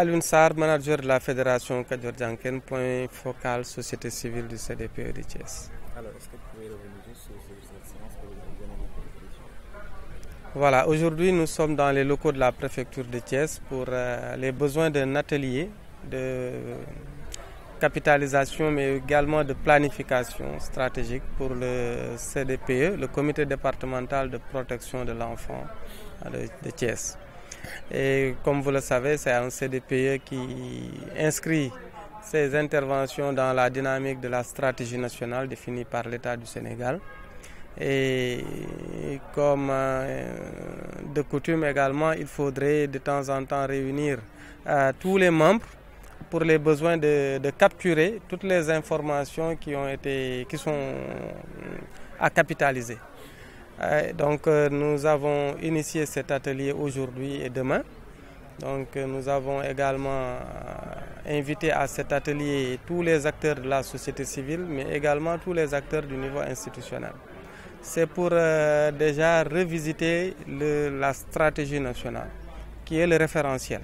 Alun Sar, manager de la Fédération Kadjor point focal société civile du CDPE de Thiès. Alors, est-ce que vous pouvez revenir sur cette séance que vous avez Voilà, aujourd'hui nous sommes dans les locaux de la préfecture de Thiès pour euh, les besoins d'un atelier de capitalisation mais également de planification stratégique pour le CDPE, le comité départemental de protection de l'enfant euh, de Thiès. Et comme vous le savez, c'est un CDPE qui inscrit ses interventions dans la dynamique de la stratégie nationale définie par l'État du Sénégal. Et comme euh, de coutume également, il faudrait de temps en temps réunir euh, tous les membres pour les besoins de, capturer toutes les informations qui ont qui sont à capitaliser. Euh, donc euh, nous avons initié cet atelier aujourd'hui et demain. Donc euh, nous avons également invité à cet atelier tous les acteurs de la société civile, mais également tous les acteurs du niveau institutionnel. C'est pour déjà revisiter la stratégie nationale, qui est le référentiel.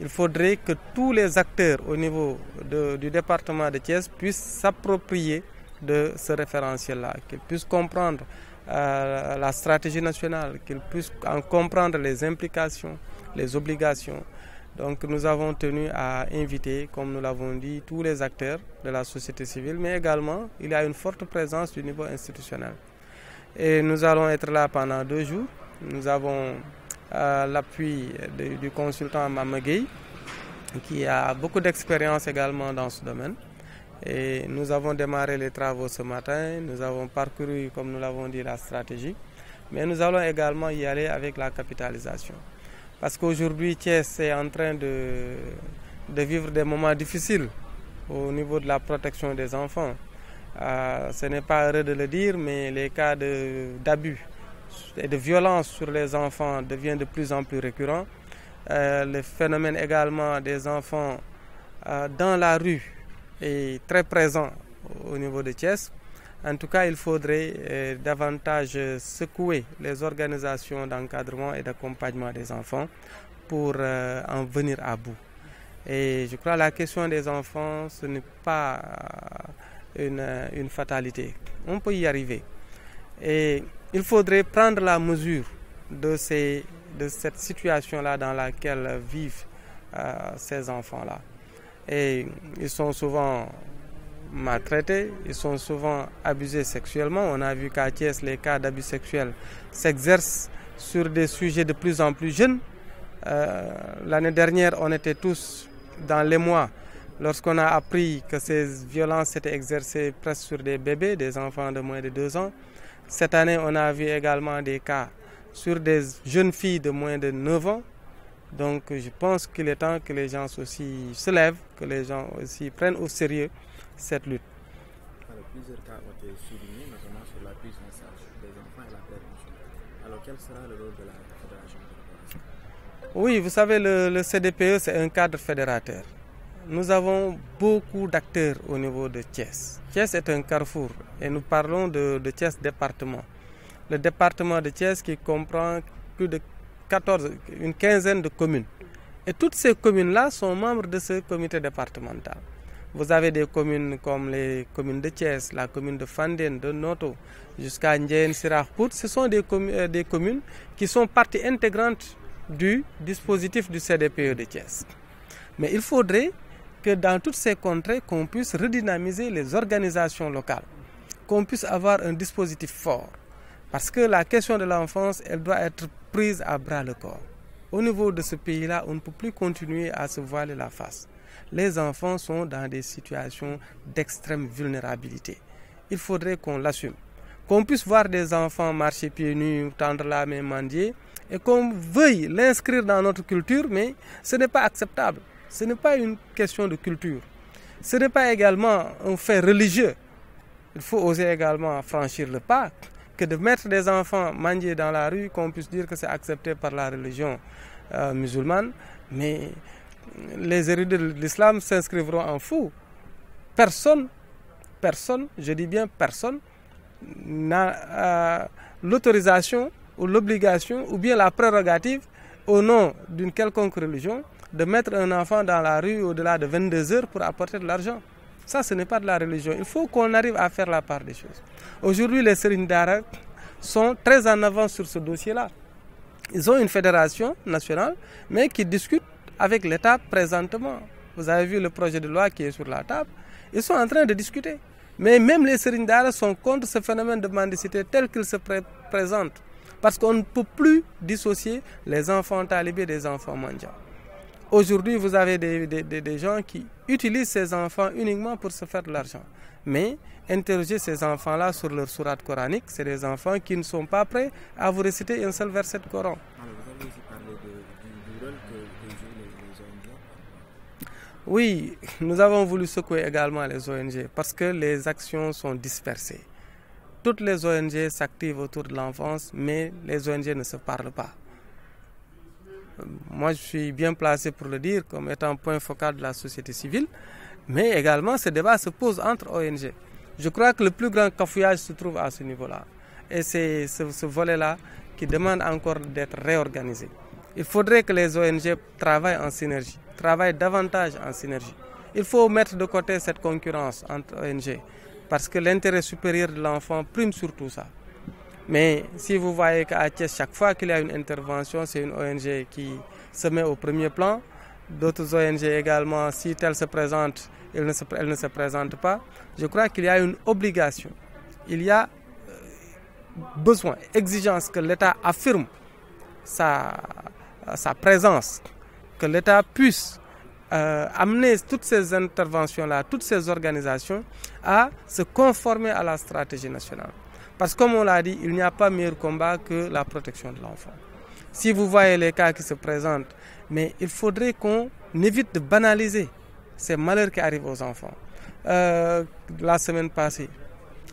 Il faudrait que tous les acteurs au niveau du département de Thiès puissent s'approprier de ce référentiel-là, qu'ils puissent comprendre euh, la stratégie nationale, qu'ils puissent en comprendre les implications, les obligations. Donc nous avons tenu à inviter, comme nous l'avons dit, tous les acteurs de la société civile, mais également il y a une forte présence du niveau institutionnel. Et nous allons être là pendant deux jours. Nous avons euh, l'appui du consultant Mamagui, qui a beaucoup d'expérience également dans ce domaine. Et nous avons démarré les travaux ce matin. Nous avons parcouru, comme nous l'avons dit, la stratégie. Mais nous allons également y aller avec la capitalisation. Parce qu'aujourd'hui, Thiès est en train de, vivre des moments difficiles au niveau de la protection des enfants. Ah, ce n'est pas heureux de le dire, mais les cas d'abus et de violence sur les enfants deviennent de plus en plus récurrents. Euh, le phénomène également des enfants ah, dans la rue et très présent au niveau de Thiès. En tout cas, il faudrait euh, davantage secouer les organisations d'encadrement et d'accompagnement des enfants pour euh, en venir à bout. Et je crois que la question des enfants, ce n'est pas une, fatalité. On peut y arriver. Et il faudrait prendre la mesure de, cette situation-là dans laquelle vivent euh, ces enfants-là et ils sont souvent maltraités, ils sont souvent abusés sexuellement. On a vu qu'à Thiès, les cas d'abus sexuels s'exercent sur des sujets de plus en plus jeunes. Euh, l'année dernière, on était tous dans les mois lorsqu'on a appris que ces violences étaient exercées presque sur des bébés, des enfants de moins de 2 ans. Cette année, on a vu également des cas sur des jeunes filles de moins de 9 ans donc je pense qu'il est temps que les gens aussi se lèvent, que les gens aussi prennent au sérieux cette lutte. Alors, plusieurs cas ont été soulignés, notamment sur la des enfants et la Alors quel sera le rôle de la Fédération Oui, vous savez, le, CDPE, e, c'est un cadre fédérateur. Nous avons beaucoup d'acteurs au niveau de Thiès. Thiès est un carrefour et nous parlons de, de Thiès département. Le département de Thiès qui comprend plus de 14, une quinzaine de communes. Et toutes ces communes-là sont membres de ce comité départemental. Vous avez des communes comme les communes de Thiès, la commune de Fanden, de Noto, jusqu'à Ndjen, Sirahpout. Ce sont des, communes, euh, des communes qui sont partie intégrante du dispositif du CDPE de Thiès. Mais il faudrait que dans toutes ces contrées, qu'on puisse redynamiser les organisations locales, qu'on puisse avoir un dispositif fort. Parce que la question de l'enfance, elle doit être prise à bras le corps. Au niveau de ce pays-là, on ne peut plus continuer à se voiler la face. Les enfants sont dans des situations d'extrême vulnérabilité. Il faudrait qu'on l'assume. Qu'on puisse voir des enfants marcher pieds nus, tendre la main, mendier, et qu'on veuille l'inscrire dans notre culture, mais ce n'est pas acceptable. Ce n'est pas une question de culture. Ce n'est pas également un fait religieux. Il faut oser également franchir le pas que de mettre des enfants mangés dans la rue, qu'on puisse dire que c'est accepté par la religion euh, musulmane, mais les héritiers de l'islam s'inscriveront en fou. Personne, personne, je dis bien personne, n'a euh, l'autorisation ou l'obligation ou bien la prérogative au nom d'une quelconque religion de mettre un enfant dans la rue au-delà de 22 heures pour apporter de l'argent. Ça, ce n'est pas de la religion. Il faut qu'on arrive à faire la part des choses. Aujourd'hui, les Serine sont très en avance sur ce dossier-là. Ils ont une fédération nationale, mais qui discute avec l'État présentement. Vous avez vu le projet de loi qui est sur la table. Ils sont en train de discuter. Mais même les Serindara sont contre ce phénomène de mendicité tel qu'il se présente. Parce qu'on ne peut plus dissocier les enfants talibés des enfants mondiaux. Aujourd'hui, vous avez des gens qui, utilise ces enfants uniquement pour se faire de l'argent. Mais interroger ces enfants-là sur leur sourate coranique, c'est des enfants qui ne sont pas prêts à vous réciter un seul verset de Coran. Oui, nous avons voulu secouer également les ONG parce que les actions sont dispersées. Toutes les ONG s'activent autour de l'enfance, mais les ONG ne se parlent pas moi je suis bien placé pour le dire comme étant un point focal de la société civile, mais également ce débat se pose entre ONG. Je crois que le plus grand cafouillage se trouve à ce niveau-là. Et c'est ce volet-là qui demande encore d'être réorganisé. Il faudrait que les ONG travaillent en synergie, travaillent davantage en synergie. Il faut mettre de côté cette concurrence entre ONG, parce que l'intérêt supérieur de l'enfant prime sur tout ça. Mais si vous voyez qu'à chaque fois qu'il y a une intervention, c'est une ONG qui se met au premier plan. D'autres ONG également, si elles se présentent, elles ne se, présentent pas. Je crois qu'il y a une obligation. Il y a euh, besoin, exigence que l'État affirme sa, présence, que l'État puisse euh, amener toutes ces interventions-là, toutes ces organisations à se conformer à la stratégie nationale. Parce que comme on l'a dit, il n'y a pas meilleur combat que la protection de l'enfant. Si vous voyez les cas qui se présentent, mais il faudrait qu'on évite de banaliser ces malheurs qui arrivent aux enfants. Euh, la semaine passée,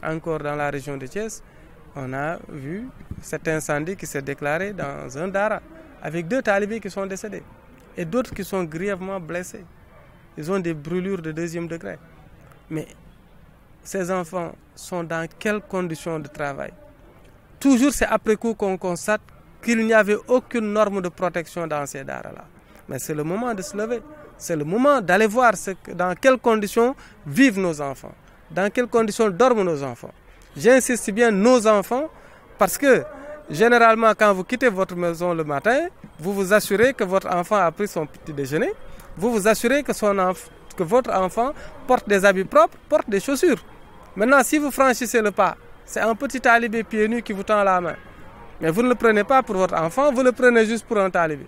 encore dans la région de Thiès, on a vu cet incendie qui s'est déclaré dans un dara, avec deux talibés qui sont décédés et d'autres qui sont grièvement blessés. Ils ont des brûlures de deuxième degré. Mais ces enfants sont dans quelles conditions de travail. Toujours c'est après coup qu'on constate qu'il n'y avait aucune norme de protection dans ces daras-là. Mais c'est le moment de se lever, c'est le moment d'aller voir ce dans quelles conditions vivent nos enfants, dans quelles conditions dorment nos enfants. J'insiste bien nos enfants parce que généralement quand vous quittez votre maison le matin, vous vous assurez que votre enfant a pris son petit déjeuner, vous vous assurez que votre enfant porte des habits propres, porte des chaussures. Maintenant, si vous franchissez le pas, c'est un petit talibé pieds nus qui vous tend la main. Mais vous ne le prenez pas pour votre enfant, vous le prenez juste pour un talibé.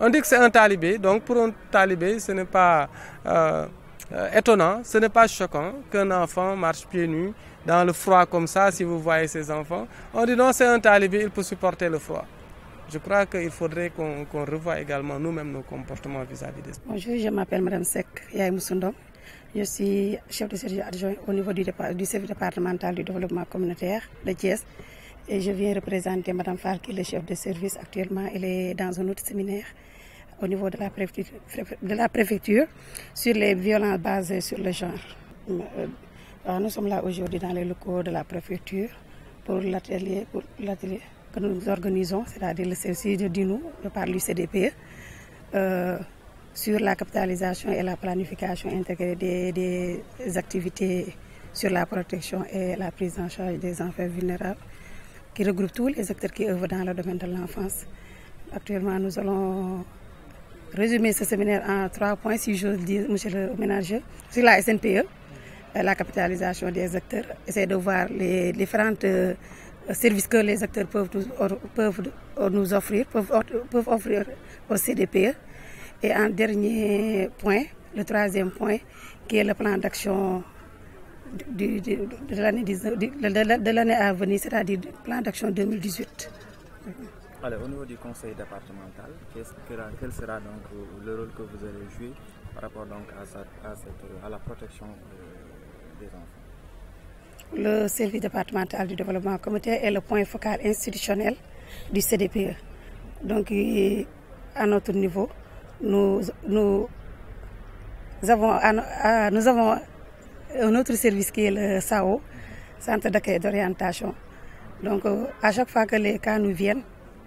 On dit que c'est un talibé, donc pour un talibé, ce n'est pas euh, euh, étonnant, ce n'est pas choquant qu'un enfant marche pieds nus dans le froid comme ça, si vous voyez ses enfants. On dit non, c'est un talibé, il peut supporter le froid. Je crois qu'il faudrait qu'on revoie également nous-mêmes nos comportements vis-à-vis des Bonjour, je m'appelle Mme Sek Yaï je suis chef de service adjoint au niveau du, service départemental du développement communautaire de Thiès. Et je viens représenter Mme Fall, qui est le chef de service actuellement. Elle est dans un autre séminaire au niveau de la préfecture, sur les violences basées sur le genre. Euh, euh, nous sommes là aujourd'hui dans les locaux de la préfecture pour l'atelier que nous organisons, c'est-à-dire le service de par l'UCDP. Euh, sur la capitalisation et la planification intégrée des, activités sur la protection et la prise en charge des enfants vulnérables, qui regroupe tous les acteurs qui œuvrent dans le domaine de l'enfance. Actuellement, nous allons résumer ce séminaire en trois points, si je le dis, monsieur le ménager, sur la SNPE, euh, la capitalisation des acteurs, essayer de voir les différentes euh, services que les acteurs peuvent nous, peuvent nous offrir, peuvent, peuvent offrir au CDPE et un dernier point, le troisième point, qui est le plan d'action de, l'année à venir, c'est-à-dire le plan d'action 2018. Alors, au niveau du conseil départemental, quel sera donc le rôle que vous allez jouer par rapport donc à, à la protection euh, des enfants le service départemental du développement communautaire est le point focal institutionnel du CDPE. Donc, à notre niveau, nous, nous, avons, nous avons un autre service qui est le SAO, Centre d'accueil d'orientation. Donc euh, à chaque fois que les cas nous viennent,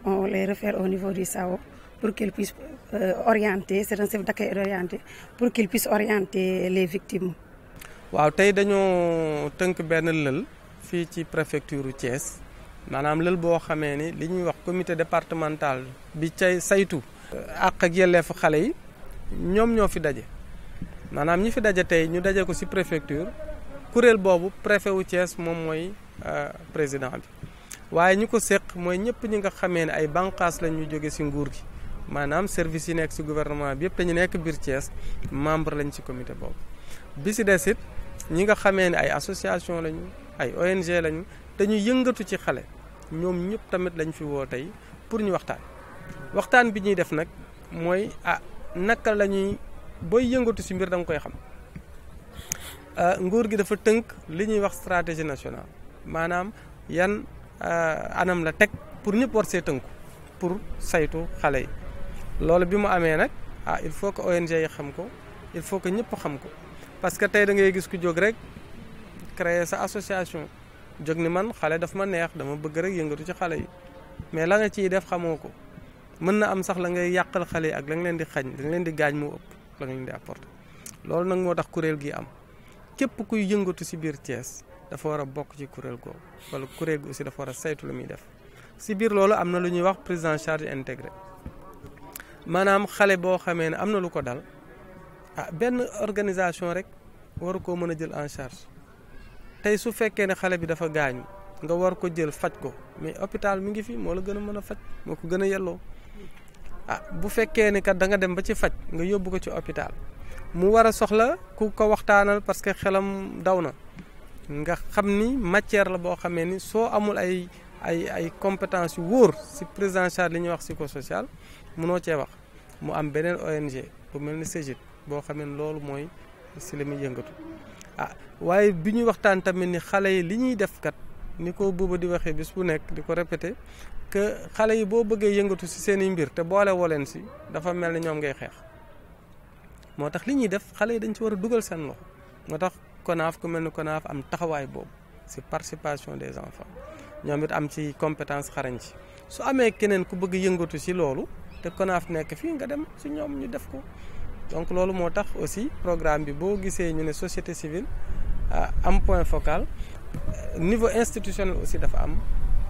on les réfère au niveau du SAO pour qu'ils puissent euh, orienter, c'est un centre d'accueil orienté, pour qu'ils puissent orienter les victimes. waaw tay dañoo teunk ben leul fi ci préfecture Thiès manam leul bo xamé ni li wax comité départemental bi tay saytu ak ak yelleefu xale yi ñoom ñoo fi daje maanaam ñi fi daje tey ñu daje ko ci préfecture kuréel boobu préfet wu Thiès moom mooy euh, président bi waaye ñu ko séq mooy ñëpp ñi nga xamee ne ay bànqaas lañ ñu jóge ci nguur gi maanaam service yi nekk ci gouvernement bi yëpp dañu nekk biir Thiès membre lañ ci comité boobu bi si des it ñi nga xamee ne ay association lañu ay ONG lañu dañu yëngatu ci xale ñoom ñëpp tamit lañ fi woo tey pour ñu waxtaan waxtaan bi ñuy def nag mooy ah naka la ñuy booy yëngatu ci mbir da nga koy xam ah, nguur gi dafa tënk li ñuy wax stratégie nationale maanaam yan ah, anam la teg pour ñëpp war see tënku pour saytu xale yi loolu bi mu amee nag ah il faut que ONG yi xam ko il faut que ñëpp xam ko parce que tey da ngay gis ku jóg rek créer sa association jóg ni man xale dafa ma neex dama bëgg rek yëngatu ci xale yi mais la nga ciy def xamoo ko. mën na am sax la ngay yàqal xale yi ak la leen di xañ la leen di gaañ moo ëpp la nga leen di apporter loolu nag moo tax kuréel gi am képp kuy yëngatu si biir cees dafa war a bokk ci kuréel googu wala kuréel gi aussi dafa war a saytu lu muy def si biir loolu am na lu ñuy wax prise en charge intégrée maanaam xale boo xamee ne am na lu ko dal ah benn organisation rek waru koo mën a jël en charge tey su fekkee ne xale bi dafa gaañu. nga war ko jël faj ko mais hôpital mi ngi fi moo la gën a mën a faj moo a yelloo ah bu fekkee ne kat da nga dem ba ci faj nga yóbbu ko ci hôpital mu war a soxla ku ko waxtaanal parce que xelam daw na nga xam ni matière la boo xamee ni soo amul ay ay ay compétence yu wóor si prise en charge li ñuy wax psychosocial munoo wax mu am beneen ONG bu mel ni CEGID boo xamee ni loolu mooy si la muy yëngatu ah waaye bi ñuy waxtaan tamit ni xale yi li ñuy def kat ni ko buuba di waxe bis bu nek di répéter que xalé yi bo bëggé yëngatu si seen mbir te boole wolen ci dafa melni ñom ngay xex motax li ñi def xalé yi dañ ci wara duggal seen loxo motax konaf ku melni konaf am taxaway bob si participation des enfants ñom it am ci compétence xarañ ci su amé keneen ku bëgg yëngatu ci loolu te konaf nek fi nga dem si ñom ñu def ko donc loolu motax aussi programme bi bo gisé ñu né société civile ah, am point focal niveau institutionnel aussi dafa am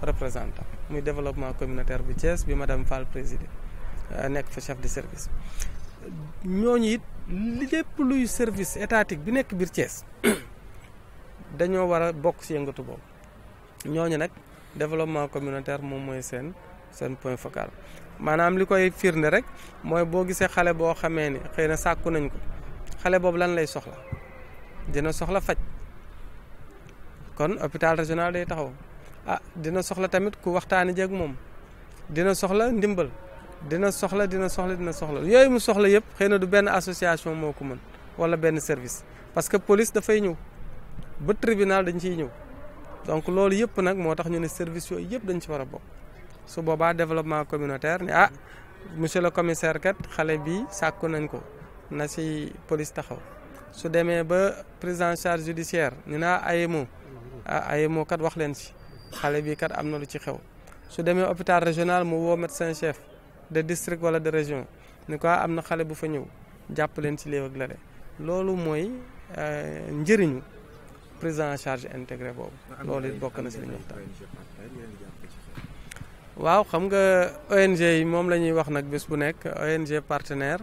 représentant muy développement communautaire bu Thiès bi madame Fall présidé euh, nekk fa chef de service ñooñu it lépp luy service étatique bi nekk biir Thiès dañoo war a bokk ci yëngatu boobu ñooñu nag développement communautaire moom mooy seen seen point focal maanaam li koy firnde rek mooy boo gisee xale boo xamee ni xëy na sàkku nañ ko xale boobu lan lay soxla dina soxla faj. kon hôpital régional day taxaw ah dina soxla tamit ku waxtaane jeeg moom dina soxla ndimbal dina soxla dina soxla dina soxla yooyu mu soxla yëpp xëy na du benn association moo ko mën wala benn service parce que police dafay ñëw ba tribunal dañ ciy ñëw donc loolu yëpp nag moo tax ñu ne service yooyu yëpp dañ ci war a bokk su boobaa développement communautaire ni ah monsieur le commissaire kat xale bi sàkku nañ ko na si police taxaw su demee ba prise en charge judiciaire ñu naa ayemo ah ay moo kat wax leen ci xale bii kat am na lu ci xew su demee hôpital régional mu woo médecin chef de district wala de région ni ko am na xale bu fa ñëw jàpp leen ci léew ak lale loolu mooy euh, njëriñu prise en charge intégrée boobu loolu it bokk na si li ñu waxtaan waaw xam nga ONG yi moom la ñuy wax nag bis bu nekk ONG partenaire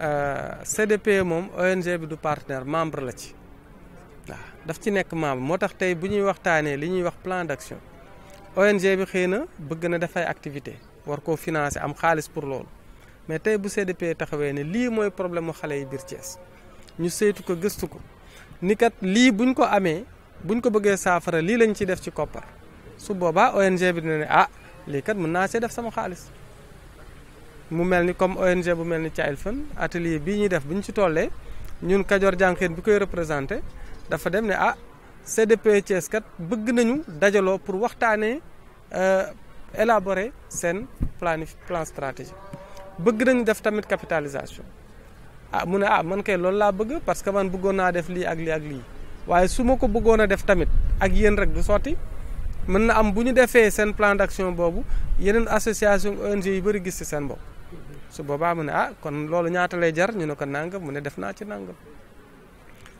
euh, CDP moom ONG bi du partenaire membre la ci waaw daf ci nekk membre moo tax tey bu ñuy waxtaanee li ñuy wax plan d'action ONG bi xëy na bëgg na dafay activité war koo financé am xaalis pour loolu mais tey bu CDP taxawee ne lii mooy problème mu xale yi biir Thiès ñu seytu ko gëstu ko ni kat lii buñ ko amee buñ ko bëggee saafara lii lañ ciy def ci koppar su boobaa ONG bi dina ne ah lii kat mën naa see def sama xaalis mu mel ni comme ONG bu mel ni Child Fund atelier bii ñuy def bu ñu ci tollee ñun Kajoor Jànqeen bi koy représenté dafa dem ne ah CDP Thiès kat bëgg nañu dajaloo pour waxtaanee euh, élaborer seen planif plan stratégique bëgg nañu def tamit capitalisation ah mu ne ah man kay loolu laa bëgg parce que man bëggoon naa def lii ak lii ak lii waaye su ma ko bëggoon a def tamit ak yéen rek du sotti mën na am bu ñu defee seen plan d'action boobu yeneen association ONG yu bëri gis ci seen bopp su boobaa mu ne ah kon loolu ñaata lay jar ñu ne ko nangam mu ne def naa ci nangam.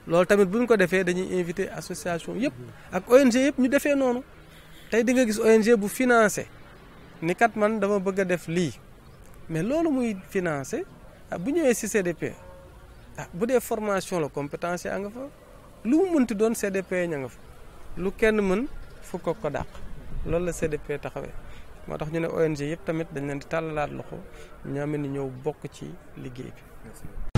loolu tamit bu ñu ko defee dañuy invité association yépp ak ONG yépp ñu defee noonu tey di nga gis ONG bu financé ni kat man dama bëgg a def lii mais loolu muy financé ah bu ñëwee si CDP ah bu dee formation la compétence yaa nga fa lu mu mënti doon CDP ña nga fa lu kenn mën fukk ko dàq loolu la CDP taxawee moo tax ñu ne ONG yëpp tamit dañ leen di tàllalaat loxo ñoo ñëw bokk ci liggéey bi.